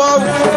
waaw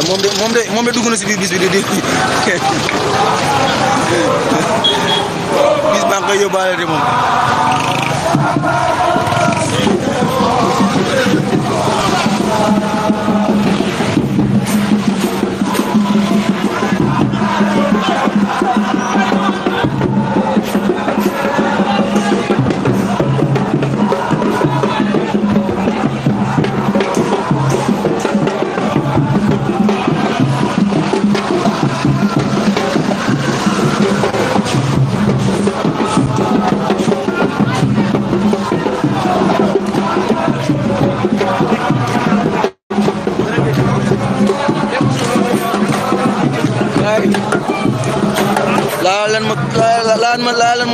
waaye moom de moom de si biir bis bi di di bis baa de moom.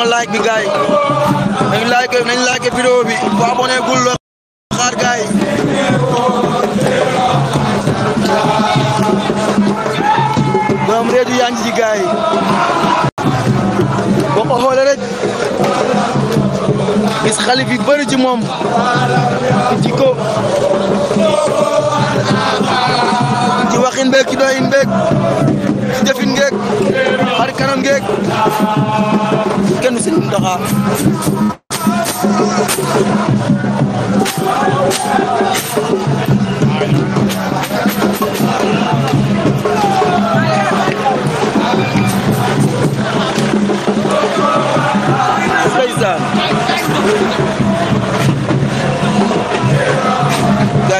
ma like bi gaay nañ like nañ like vidéo bi bu abonné xaar gaay borom réedu yaa ngi ci gaay boo ko xoolee rek gis xalif yi moom ci ko waxin beeg ci doyin beeg ci jëfin ngeeg xar kanam ngeeg sëñ Muntaxa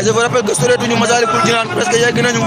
je vous rappelle que soreetuñu Massalikul Jinaan presque yegg nañu.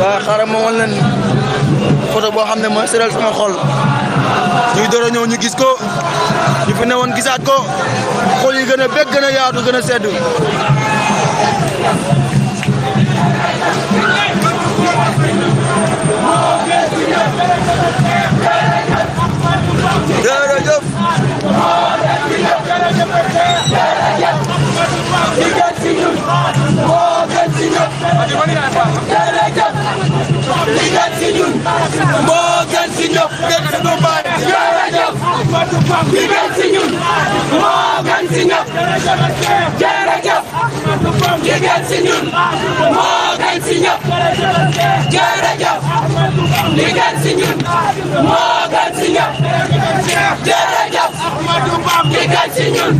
waaw xaaral ma leen photo boo xam ne mooy seral sama xol ñuy door a ñu gis ko ñu fi newoon gisaat ko xol yi gën a bég gën a yaatu gën a sedd. jërëjëf. si ñun moo gën si ñun jërëjëf li gën si ñun moo gën si ñun jërëjëf li gën si ñun moo gën si ñun jërëjëf li gën si ñun moo gën si ñun jërëjëf li gën si ñun moo gën si ñun jërëjëf Amadou Bam ki gën ci ñun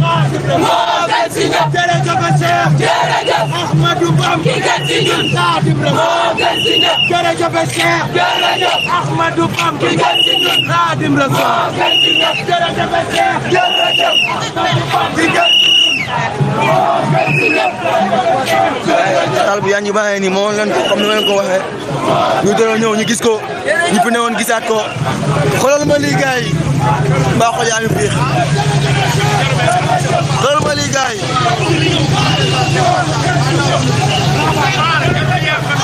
moo gën ci ñëpp jërëjëf Cheikh jërëjëf Ahmadou Bam ki gën ci ñun Xaadim la moo gën ci ñëpp jërëjëf Cheikh jërëjëf Ahmadou Bam ki gën ci ñun Xaadim la moo gën ci ñëpp jërëjëf Cheikh jërëjëf Ahmadou Bam ki gën taal bi yaa ngi baaxee nii moo leen ko comme ni ma leen ko waxee ñu ñu gis ko ñu fi newoon gisaat ko xoolal ma lii gars yi xol yaa ngi fiix xoolal ma lii gars yi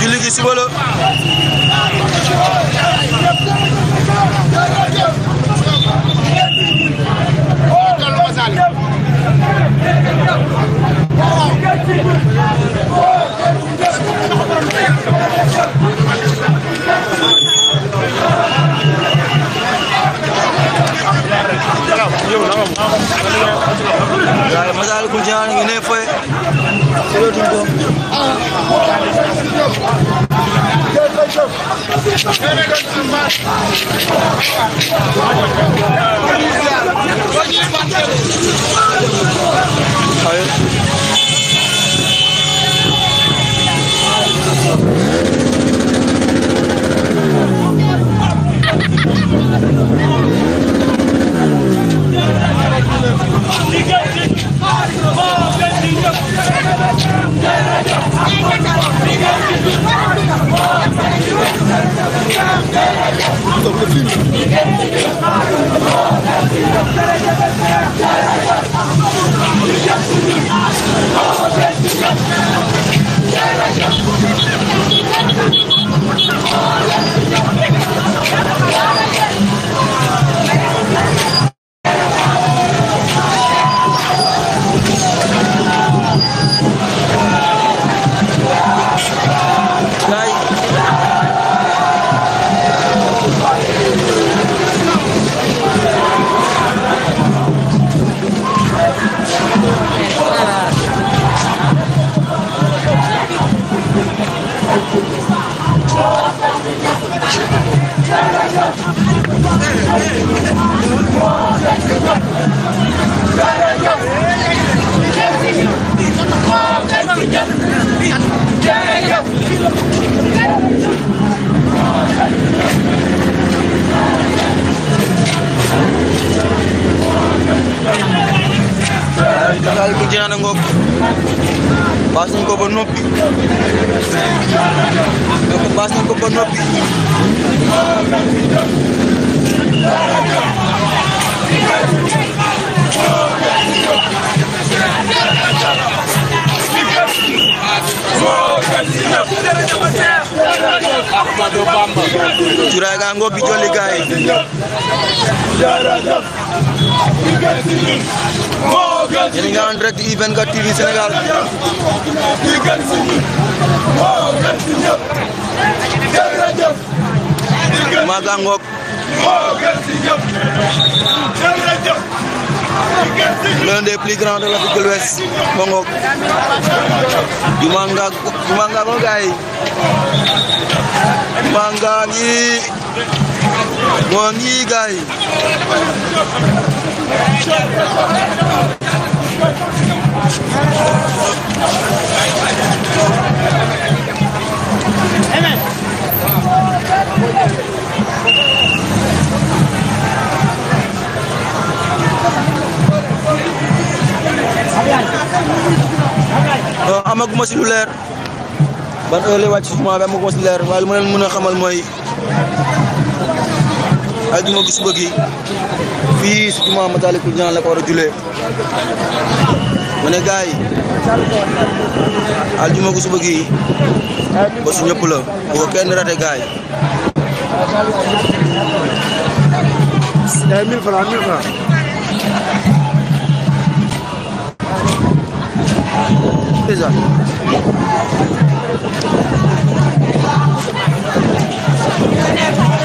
julli gi Ahmadou Bamba cuuraay ga ngoo bi jolli gaay yéen nga en direct I24 TV Sénégal maa ga ngoog l'un des plus grands de l'Afrique de l'Ouest moo ngoog jumaa ngaag jumaa ngaag moo gaay jumaa ngaag ma si lu leer ban heure lay wàcc si jumaa bi amagu si leer waaye lu ma leen mën xamal mooy aljuma gi suba gi fii si jumaa Masaalikul Jinaan la ko war a julee ma ne gars gi ba su ñëpp la kenn rate gars Güzel. Thank you.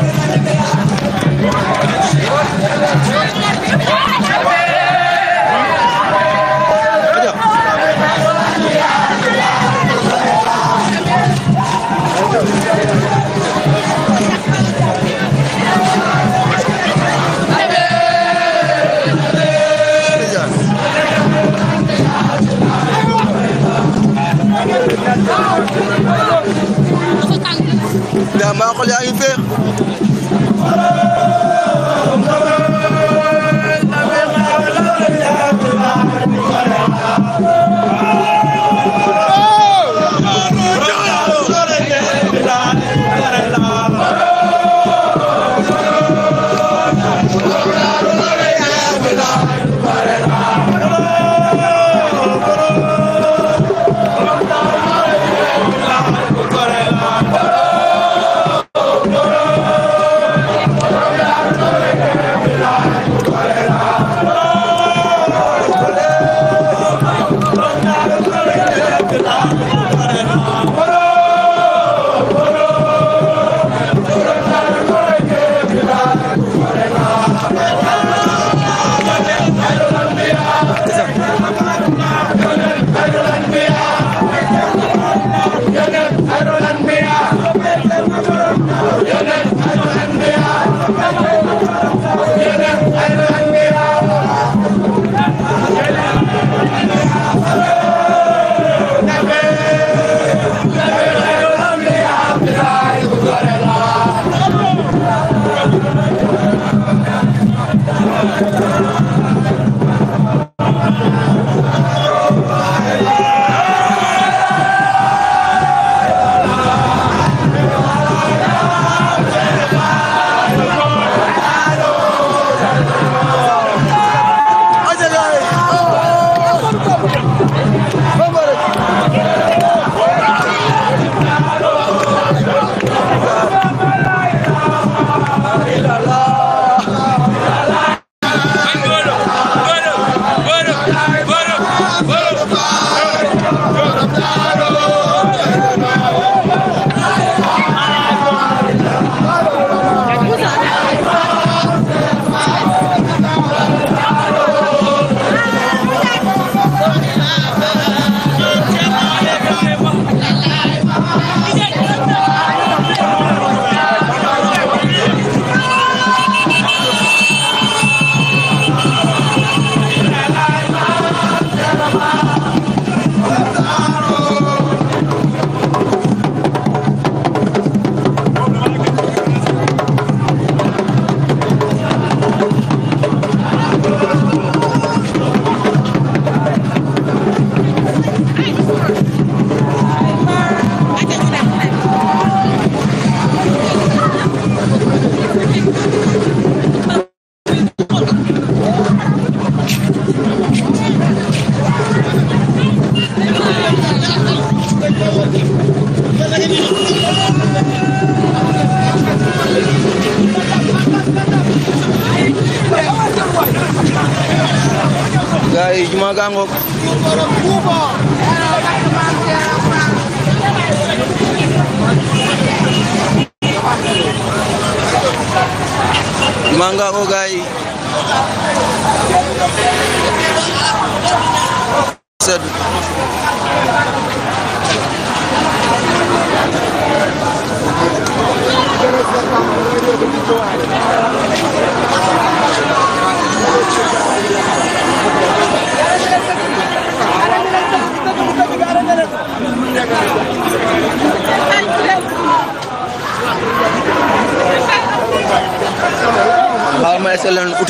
manga o gaay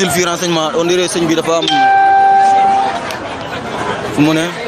jël fii renseignement on dirait sëñ bi dafa am fu mu ne.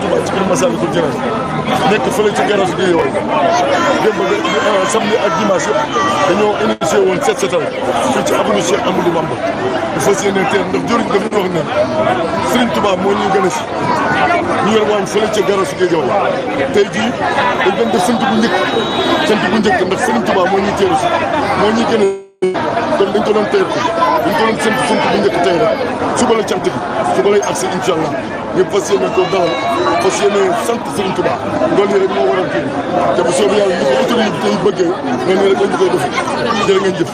Touba ci kër Massalikul Jinaan nekk fële ci garage bi yow démb samedi ak dimanche dañoo initié woon set setal fii ci avenue Cheikh Amadou Bamba bu fas yéene teel ndax jëriñ dafa ñu wax ne Serigne Touba moo ñu gën a si ñu yor waan fële ci garage bi yow tey jii dañ doon def sant bu njëkk sant bu njëkk ndax Serigne Touba kon dañ ko doon teel ko dañ ko doon séntu séntu bu njëkk tey rek suba la cant bi suba lay agsi incha allah ñu fas yéene ko dalal fas yéene sant Serigne Touba loolu rek moo waral kii te bu soobee yàlla ñu ko autorité bi tey bëggee noonu rek lañ koy defee jërë ngeen jëf.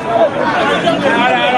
waaw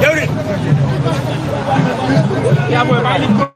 Jawrin. Ya boy, maa ngi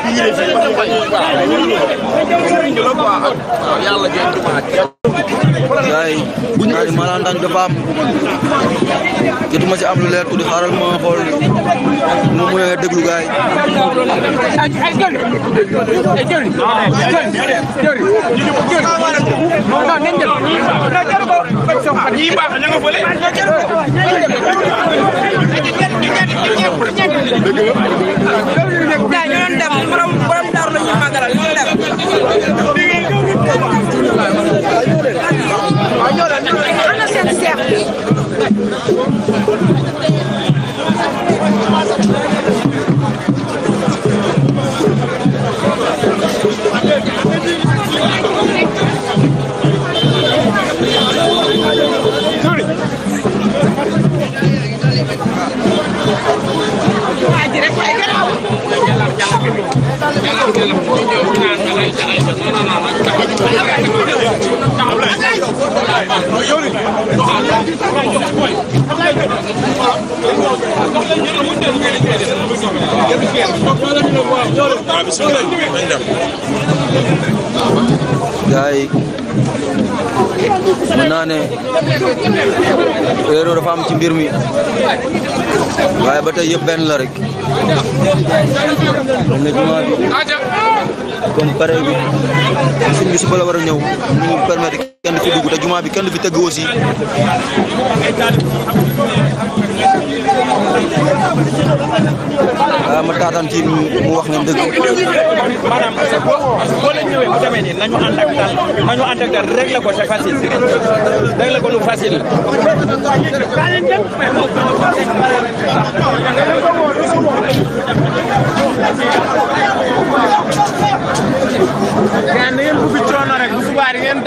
diine si man fay waaw yàlla jënd jumaa yaay bu ñu ay maanaam dafa am jotuma ci am lu leer tuuti xaaral ma xool nu mu mënee déglu gaay yi gars yi mën naa ne réeroo dafa am ci mbir mi waaye ba tey yëpp benn la rek. comme pare bi suñ bi war a ñëw ñu permettre kenn fi dugg te jumaa bi kenn fi tëgg aussi. waaw ah, ma taataan ci mu wax ngeen dëgg. maanaam parce que boo boo leen nii nañu ànd ak nañu ànd ak daal ko c'est facile ko lu facile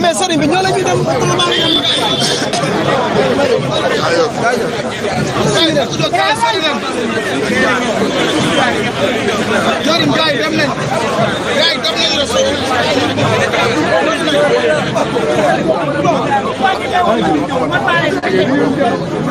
mais sëriñ bi ñoo la ñuy dem jorin gaay dem nañ gaay dem nañ la sëriñ bi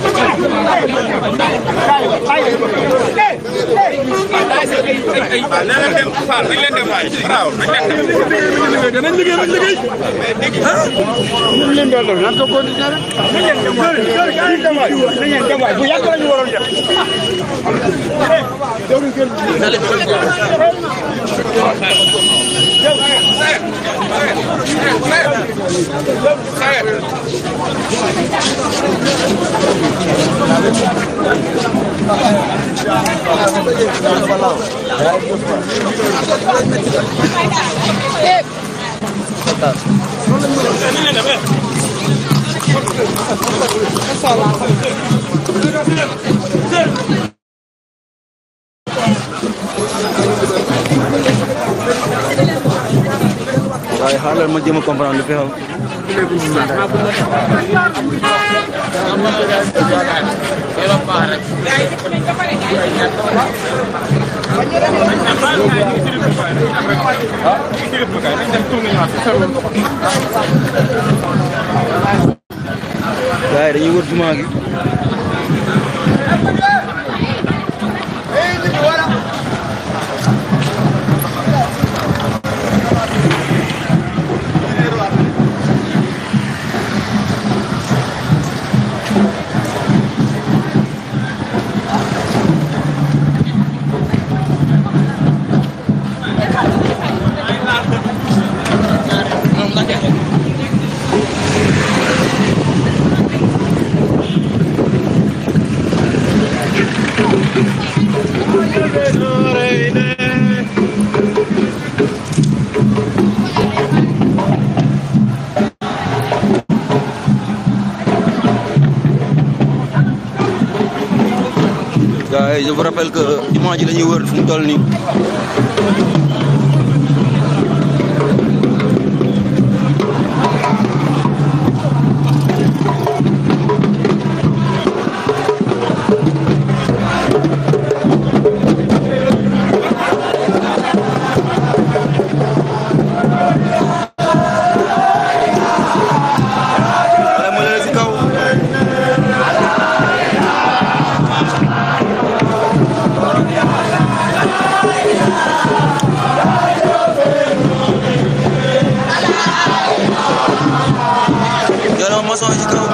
danañ liggéey rek liggéey. ah. ñun liñ doon doon lan nga continué rek. nañ leen dem waay nañ leen dem waay bu yàgg la ñu waroon def. Thank you. waaye xaaral ma jéem a comprendre lu fi xew waaye yi wër jumaa je vous rappelle que jumaa ji la ñuy wër fu mu toll nii. mosoo ci kaw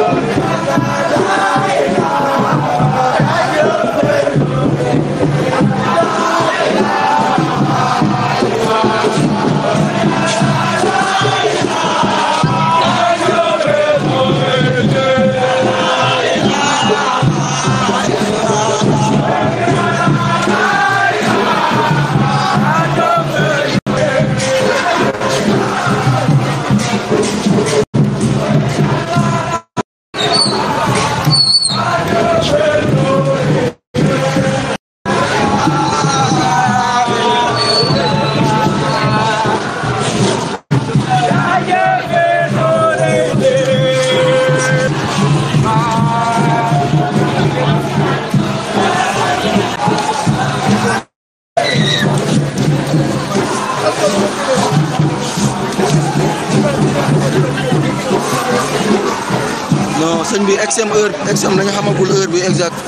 bi exem heure exem dañu xamagul heure bi exact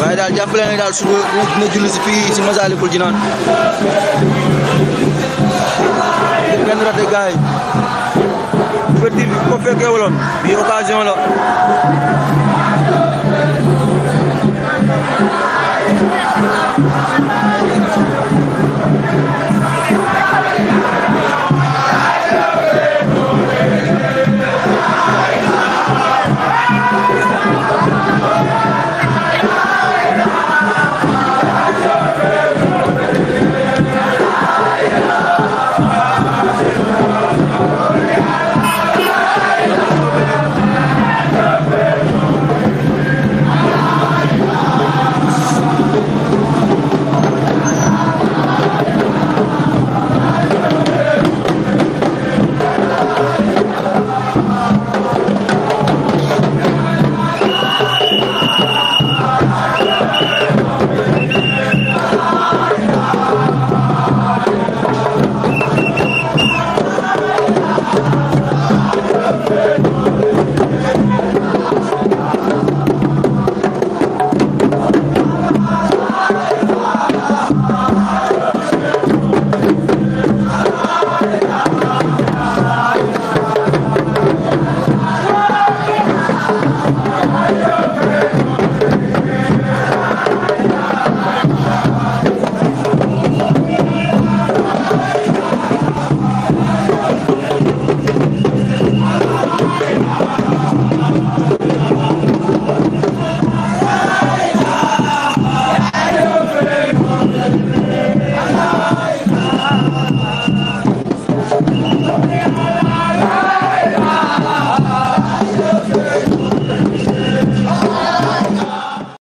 waaye la